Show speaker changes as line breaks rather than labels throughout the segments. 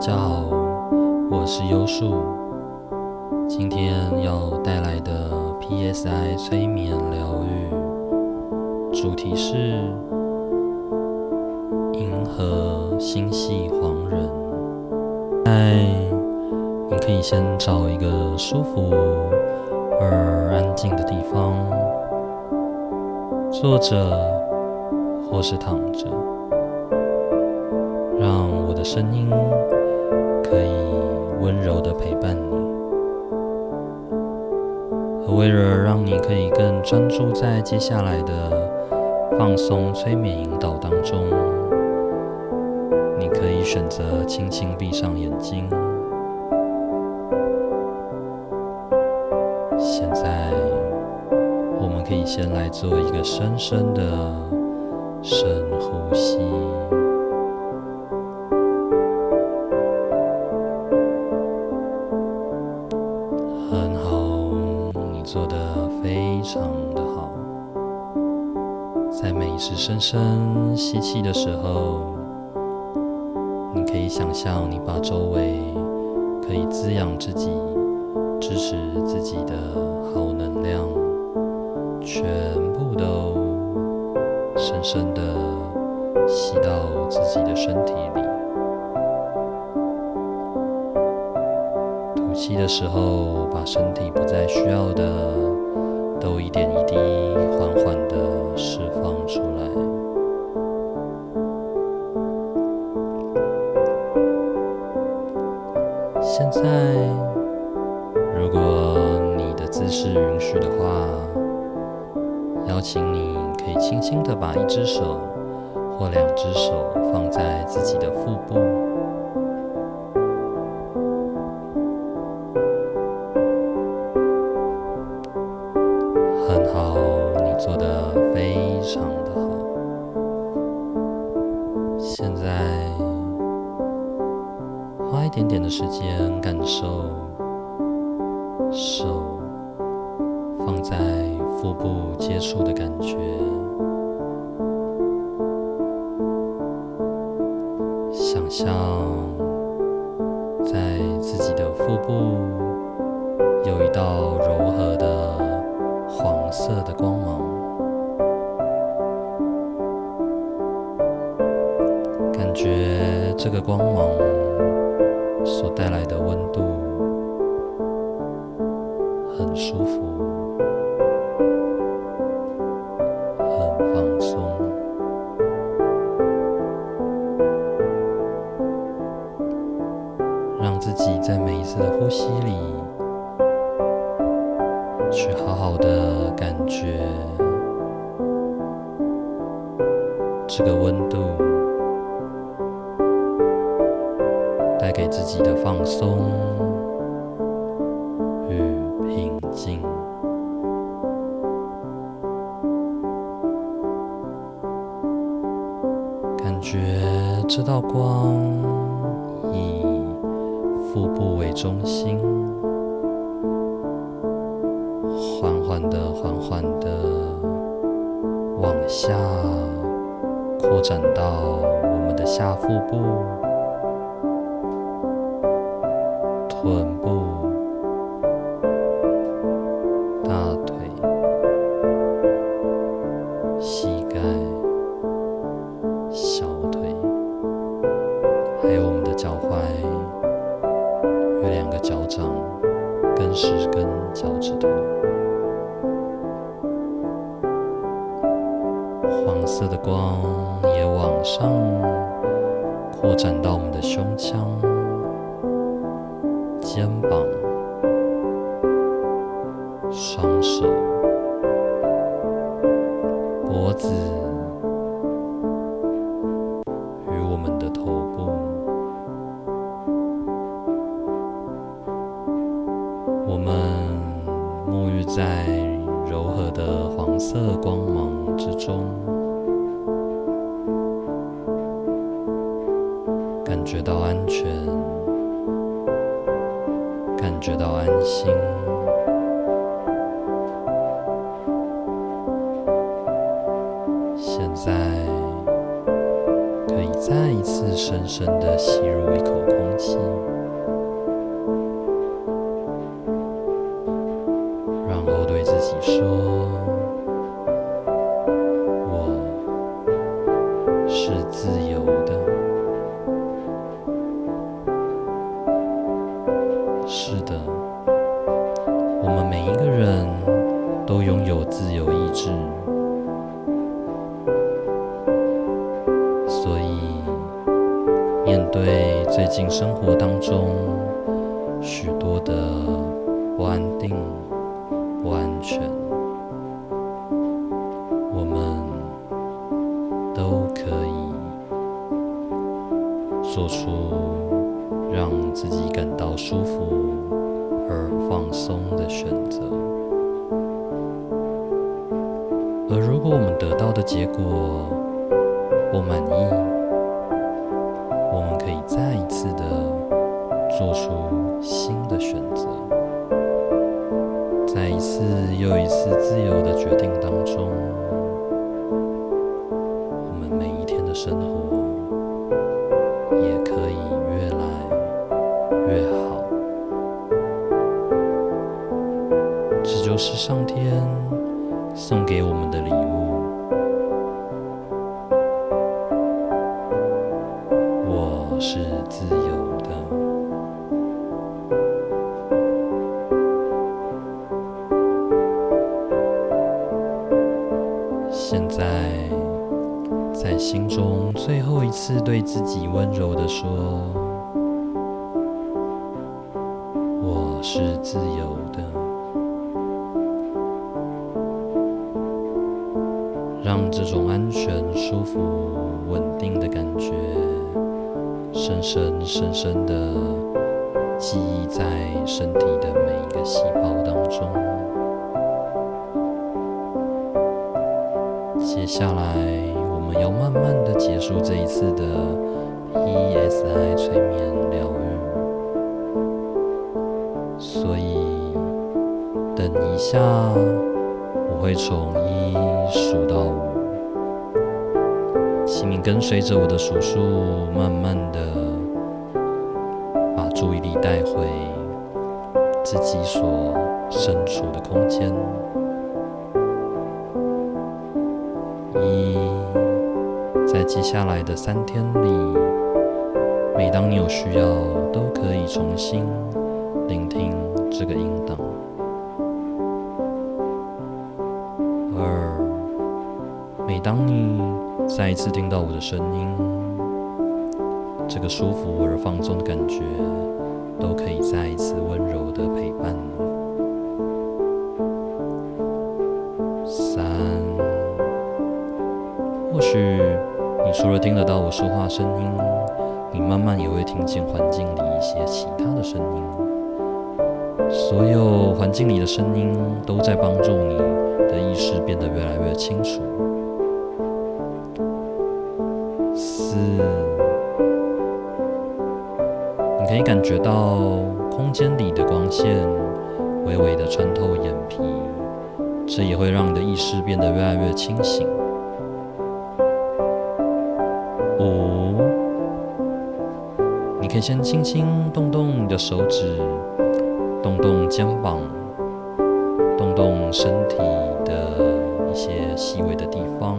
大家好，我是優樹，今天要帶來的 PSI 催眠療癒主題是銀河星系黃人。現在，你可以先找一個舒服而安靜的地方，坐着或是躺着，讓我的聲音。可以溫柔的陪伴你，而為了讓你可以更專注在接下來的放鬆催眠引導當中，你可以選擇輕輕閉上眼睛。現在，我們可以先來做一個深深的深呼吸。深深吸氣的時候，你可以想象你把周圍可以滋養自己、支持自己的好能量，全部都深深的吸到自己的身體裡。吐氣的時候，把身體不再需要的都一點一滴。現在，如果你的姿勢允許的話，邀請你可以輕輕的把一隻手或兩隻手放在自己的腹部。一點點的時間，感受手放在腹部接觸的感覺，想象在自己的腹部有一道柔和的黃色的光芒，感覺這個光芒。所帶來的溫度很舒服，很放鬆，讓自己在每一次的呼吸裡去好好的感覺這個溫度。帶給自己的放鬆與平靜，感覺這道光以腹部為中心，緩緩地、緩緩地往下擴展到我們的下腹部。臀部、大腿、膝蓋、小腿，還有我們的腳踝，有兩個腳掌跟十根腳趾頭。黃色的光也往上擴展到我們的胸腔。肩膀、雙手、脖子，與我們的頭部，我們沐浴在柔和的黃色光芒之中，感覺到安全。感覺到安心，現在可以再一次深深地吸入一口空氣，然後對自己說。對最近生活當中許多的不安定、不安全，我們都可以做出讓自己感到舒服而放鬆的選擇。而如果我們得到的結果不滿意，做出新的選擇，在一次又一次自由的決定當中，我們每一天的生活也可以越來越好。這就是上天送給我們的禮物。我是自由。是對自己溫柔的說：“我是自由的。”讓這種安全、舒服、穩定的感覺，深深、深深的記憶在身體的每一個細胞當中。接下來。我們要慢慢的結束這一次的 PSI 催眠療癒，所以等一下我會從一數到五，請你跟隨着我的數數，慢慢的把注意力帶回自己所身處的空間。接下來的三天裡，每當你有需要，都可以重新聆聽這個音檔。二，每當你再一次聽到我的聲音，這個舒服而放鬆的感覺，都可以再一次溫柔的陪伴你。三，或許。除了聽得到我說話聲音，你慢慢也會聽見環境裡一些其他的聲音。所有環境裡的聲音都在幫助你的意識變得越來越清楚。四，你可以感覺到空間裡的光線微微的穿透眼皮，這也會讓你的意識變得越來越清醒。你可以先輕輕動動你的手指，動動肩膀，動動身體的一些細微的地方，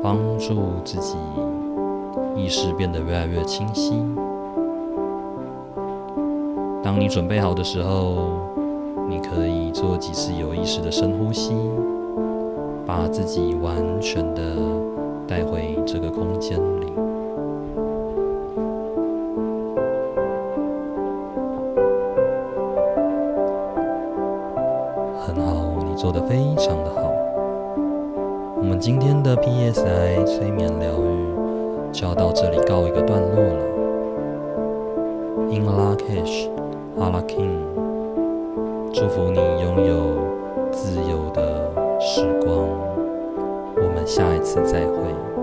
幫助自己意識變得越來越清晰。當你準備好的時候，你可以做幾次有意識的深呼吸，把自己完全的帶回這個空間。做得非常的好，我們今天的 PSI 催眠療癒就要到這裡告一個段落了。In Lak'ech Ala K'in，祝福你擁有自由的時光，我們下一次再會。